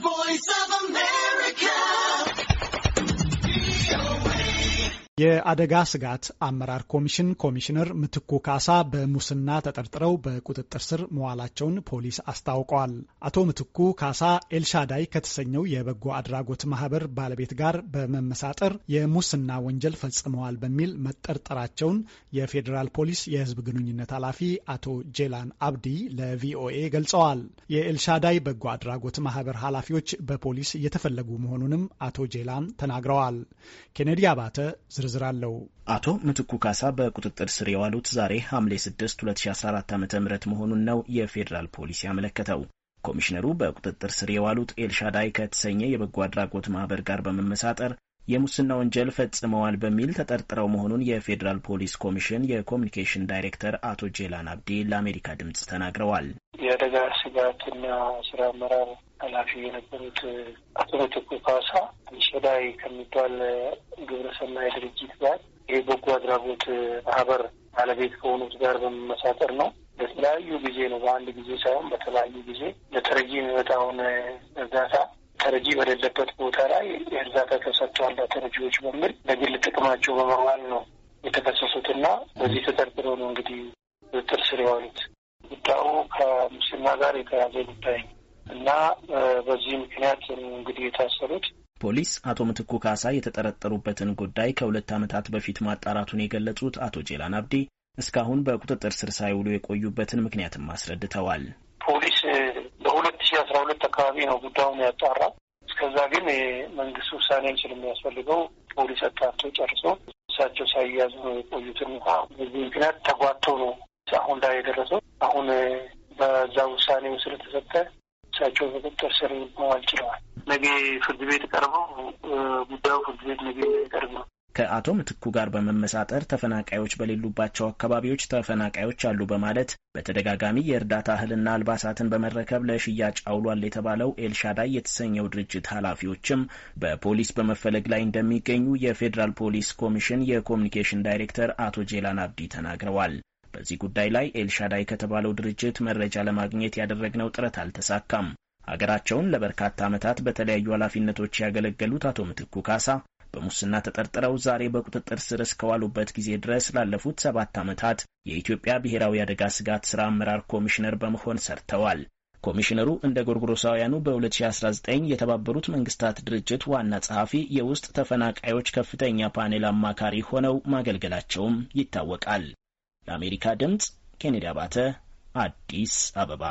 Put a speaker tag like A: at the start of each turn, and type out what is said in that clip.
A: voice of a.
B: የአደጋ ስጋት አመራር ኮሚሽን ኮሚሽነር ምትኩ ካሳ በሙስና ተጠርጥረው በቁጥጥር ስር መዋላቸውን ፖሊስ አስታውቀዋል። አቶ ምትኩ ካሳ ኤልሻዳይ ከተሰኘው የበጎ አድራጎት ማህበር ባለቤት ጋር በመመሳጠር የሙስና ወንጀል ፈጽመዋል በሚል መጠርጠራቸውን የፌዴራል ፖሊስ የህዝብ ግንኙነት ኃላፊ አቶ ጄላን አብዲ ለቪኦኤ ገልጸዋል። የኤልሻዳይ በጎ አድራጎት ማህበር ኃላፊዎች በፖሊስ እየተፈለጉ መሆኑንም አቶ ጄላን ተናግረዋል። ኬኔዲ አባተ ዝርዝር አለው።
A: አቶ ምትኩ ካሳ በቁጥጥር ስር የዋሉት ዛሬ ሐምሌ 6 2014 ዓ ም መሆኑን ነው የፌዴራል ፖሊስ ያመለከተው። ኮሚሽነሩ በቁጥጥር ስር የዋሉት ኤልሻዳይ ከተሰኘ የበጎ አድራጎት ማህበር ጋር በመመሳጠር የሙስና ወንጀል ፈጽመዋል በሚል ተጠርጥረው መሆኑን የፌዴራል ፖሊስ ኮሚሽን የኮሚኒኬሽን ዳይሬክተር አቶ ጄላን አብዲ ለአሜሪካ ድምጽ ተናግረዋል።
C: የአደጋ ስጋትና ስራ አመራር ኃላፊ የነበሩት አቶ ምትኩ ካሳ ሸዳይ ከሚባል ግብረሰናይ ድርጅት ጋር ይህ በጎ አድራጎት ማህበር ባለቤት ከሆኑት ጋር በመመሳጠር ነው በተለያዩ ጊዜ ነው በአንድ ጊዜ ሳይሆን በተለያዩ ጊዜ ለተረጂ የሚመጣውን እርዳታ ተረጂ በሌለበት ቦታ ላይ እርዳታ ተሰጥቷል ተረጂዎች በሚል በግል ጥቅማቸው በመዋል ነው የተከሰሱትና በዚህ ተጠርጥረው ነው እንግዲህ ቁጥጥር ስር የዋሉት። ጉዳዩ ከሙስና ጋር የተያዘ ጉዳይ ነው እና በዚህ ምክንያት እንግዲህ የታሰሩት
A: ፖሊስ አቶ ምትኩ ካሳ የተጠረጠሩበትን ጉዳይ ከሁለት ዓመታት በፊት ማጣራቱን የገለጹት አቶ ጄላን አብዲ እስካሁን በቁጥጥር ስር ሳይውሉ የቆዩበትን ምክንያትም አስረድተዋል።
C: ፖሊስ በሁለት ሺ አስራ ሁለት አካባቢ ነው ጉዳዩን ያጣራ። እስከዛ ግን የመንግስት ውሳኔን ስለሚያስፈልገው ፖሊስ አጣርቶ ጨርሶ እሳቸው ሳይያዙ ነው የቆዩትን ውሃ በዚህ ምክንያት ተጓቶ ነው አሁን ላይ የደረሰው። አሁን በዛ ውሳኔው ስለተሰጠ እሳቸው በቁጥጥር ስር መዋል ችለዋል። ነገ ፍርድ ቤት ቀርበው
A: ከአቶ ምትኩ ጋር በመመሳጠር ተፈናቃዮች በሌሉባቸው አካባቢዎች ተፈናቃዮች አሉ በማለት በተደጋጋሚ የእርዳታ እህልና አልባሳትን በመረከብ ለሽያጭ አውሏል የተባለው ኤልሻዳይ የተሰኘው ድርጅት ኃላፊዎችም በፖሊስ በመፈለግ ላይ እንደሚገኙ የፌዴራል ፖሊስ ኮሚሽን የኮሚኒኬሽን ዳይሬክተር አቶ ጄላን አብዲ ተናግረዋል። በዚህ ጉዳይ ላይ ኤልሻዳይ ከተባለው ድርጅት መረጃ ለማግኘት ያደረግነው ጥረት አልተሳካም። ሀገራቸውን ለበርካታ ዓመታት በተለያዩ ኃላፊነቶች ያገለገሉት አቶ ምትኩ ካሳ በሙስና ተጠርጥረው ዛሬ በቁጥጥር ስር እስከዋሉበት ጊዜ ድረስ ላለፉት ሰባት ዓመታት የኢትዮጵያ ብሔራዊ አደጋ ስጋት ሥራ አመራር ኮሚሽነር በመሆን ሰርተዋል። ኮሚሽነሩ እንደ ጎርጎሮሳውያኑ በ2019 የተባበሩት መንግስታት ድርጅት ዋና ጸሐፊ የውስጥ ተፈናቃዮች ከፍተኛ ፓኔል አማካሪ ሆነው ማገልገላቸውም ይታወቃል። ለአሜሪካ ድምፅ ኬኔዲ አባተ አዲስ አበባ